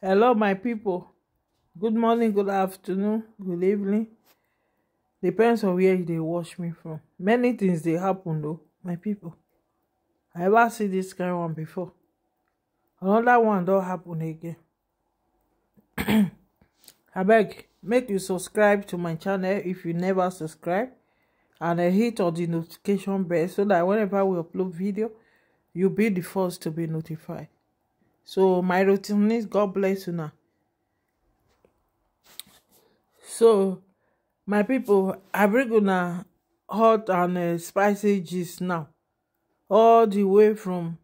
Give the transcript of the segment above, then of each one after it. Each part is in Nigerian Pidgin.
Hello, my people. Good morning, good afternoon, good evening. Depends on where they watch me from. Many things they happen though, my people. I ever see this kind one before. Another one don't happen again. I beg, make you subscribe to my channel if you never subscribe. And I hit on the notification bell so that whenever we upload video, you'll be the first to be notified. so my routine is god bless una so my people, i bring una hot and uh, spicy gist now all the way from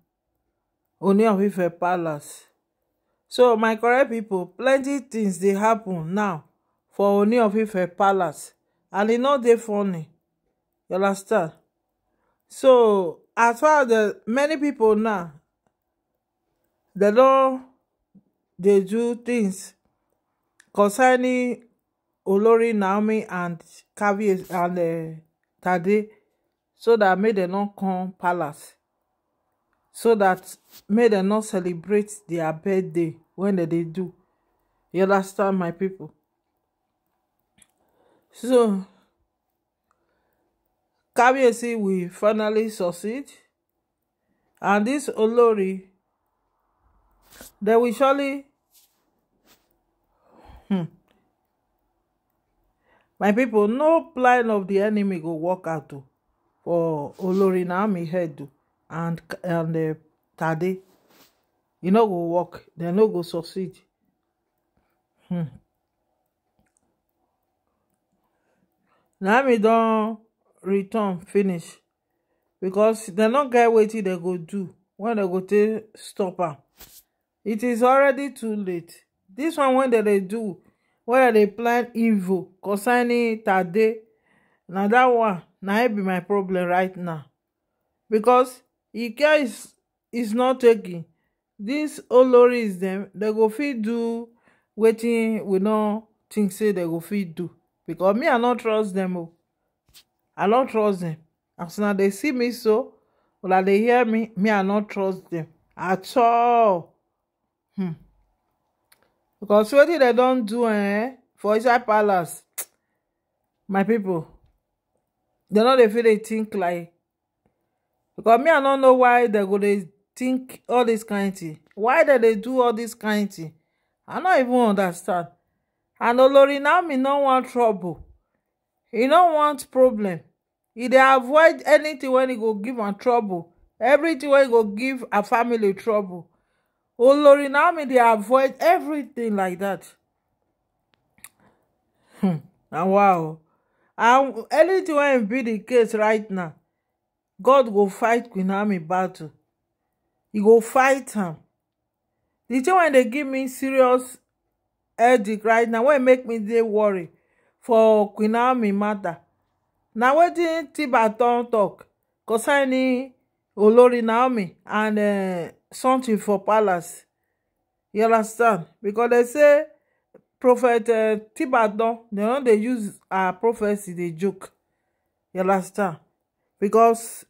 oni of ife palace so my correct people, plenty things dey happen now for oni of ife palace and e no dey funny you understand so as far as many people now The don they do things concerning olori naomi and kabie and uh, tade so that make dem not come palace so that make dem not celebrate their birthday When dem they do you understand my people. so kabiyesi will finally succeed and this olori they will surely hmm. my people, no plan of the enemy go work out o for olori naomi head and and the eh, tade you e no go work They no go succeed hmm. naomi don't return finish because they no get waiting. They go do when they go take stop her it is already too late This one wey dem they do wey they plan evil concerning tade Now that one now it be my problem right now because e care is is not taking old lorry is them. They go feed do waiting. we no things say they go feed do because me i not trust them. i no trust dem as una they see me so una they hear me me i not trust them at all hmm. because wetin dem don do eh, for inside palace my people. dem no dey fit dey think like because me i no know why dem go dey think all this kind thing why dem dey do all this kind thing i no even understand and olori naomi no want trouble He no want problem He dey avoid anything wey e go give am trouble everything wey e go give her family trouble Oh now naomi they avoid everything like that. And hmm, na wow and anything wey be the case right now god go fight queen naomi battle He go fight him. The thing wey dey give me serious headache right now wey make me they worry for queen naomi matter na wetin tiba talk don tok concerning olori naomi and eh, something for palace you understand because they say prophet uh, tibadan dem no they use her prophecy they joke you understand because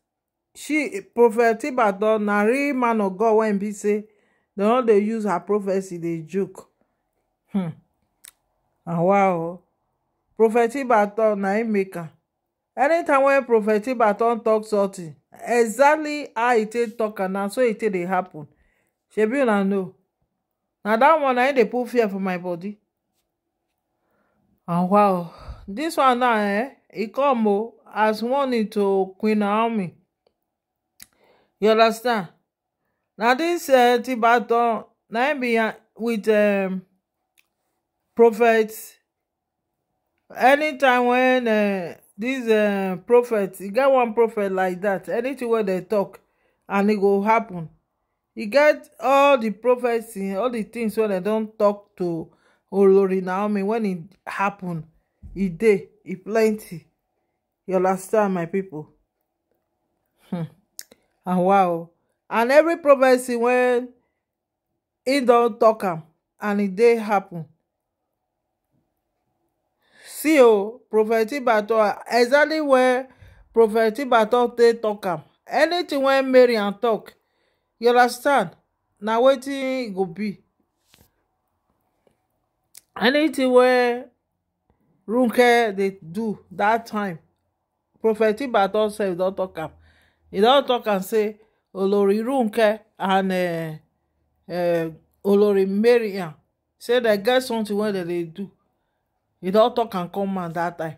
she prophet tibadan na real man of god when be say dem no they use her prophecy they joke hmm. and wow prophet tibadan na im make am anytime when prophet tibadan talk something exactly how e take tok and na so e take dey happen shebi una know na dat one na im dey put fear for my body and wow dis one now eh e come o oh, as warning to queen naomi you understand na dis eh, tibaton na im be eh, with um, prophet anytime wen eh, dis uh, prophet he get one prophet like that. anything wey they talk and it go happen He get all the prophecy all the things wey dem don't talk to olori naomi when it happen e day, e plenty you understand my people. Hmm. and wow and every prophecy when he don't talk him, and it day happen see oh, prophet ibadan exactly where prophet ibadan take talk am Anything wey marian talk, you understand na wetin e go be Anything wey runke dey do that time prophet ibadan sef don talk am e don talk am say olori runke and eh, eh, olori marian say dem get something wey dem dey do e don tok am come am that time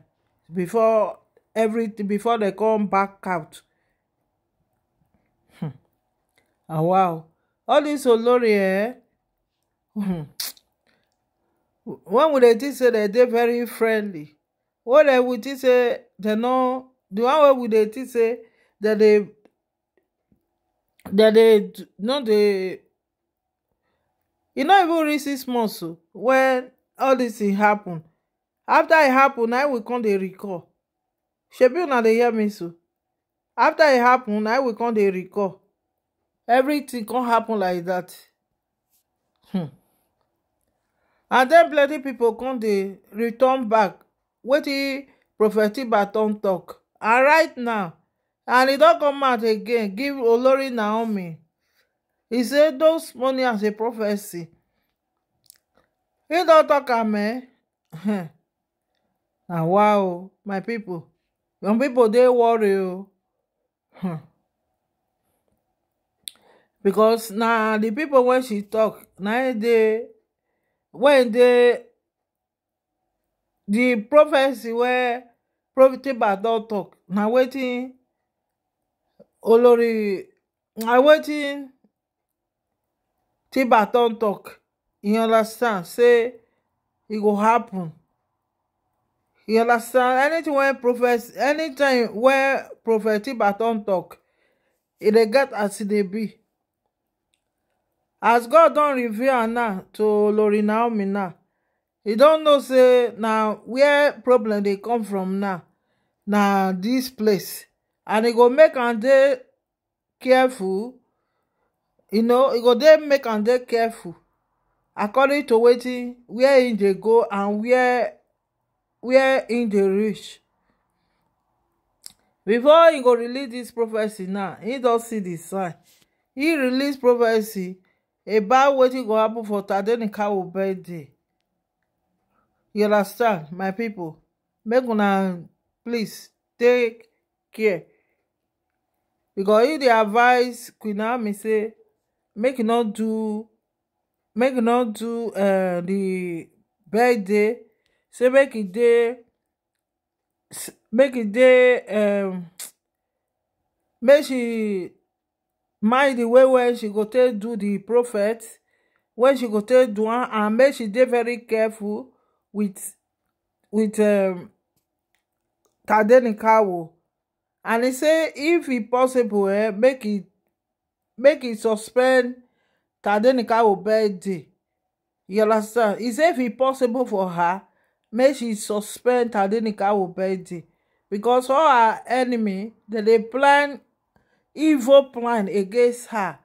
before everything before they come back out hmm ah wow all this olori eh hmm. when would they think say dem dey very friendly What dem we think say They know the one way. Would they think say that they that they no dey you know even reach six months o oh, wen all this thing happened after it happen na we come the recall shebi una dey hear me so after it happen na we come the recall everything come happen like that hmm. and then plenty people come the return back What wetin prophet ibaton talk. and right now and it e don't come out again give olori naomi He said those money as a prophecy He don't talk am eh? hmm na ah, wow my pipo some pipo dey worry o oh. hmm because na di pipo wey she tok na im e dey wen dey di prophecy wey profitable don tok na wetin olori na wetin tiba don talk. e understand say e go happen you understand anything wey prophet anytime where prophet baton talk, e dey get as e dey be as god don't reveal am to lori naomi now e don know say now where problem they come from now na this place and e go make am dey careful you know e go dey make am dey careful according to wetin where they e go and where wia im dey reach before im go release this prophecy now im don see di sign He release prophecy about wetin go happen for tadenikawo birthday you understand my people? make una please take care because e dey advise queen Ami say make e no do make e no do uh, the birthday say make e dey make e dey um make she mind the way wey she go take do the prophet wey she go take do am and make she dey very careful with with um tadenikawo and he say if e possible eh, make e make e suspend tadenikawo birthday you understand e say if e possible for her make she suspend adenika obedi because all her enemy dem dey plan evil plan against her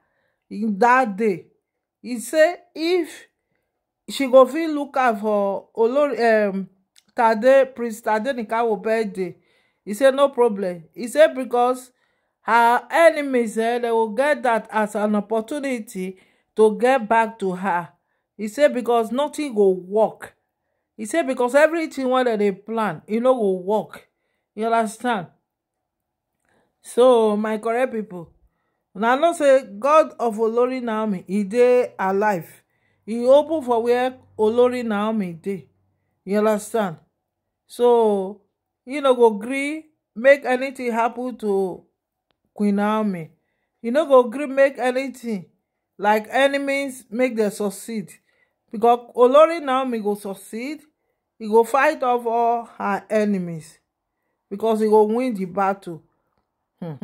in that day He say if she go fit look out for um, tade prince tadenika obedi He say no problem He say because her enemies eh, they go get that as an opportunity to get back to her He say because nothing go work He said because everything wey dem dey plan you know, will work you understand so my correct people, now know say god of olori naomi he dey alive He open for where olori naomi dey you understand so you know go gree make anything happen to queen naomi You know go gree make anything like enemies make them succeed because olori naomi go succeed he go fight off all her enemies because he go win the battle hmm.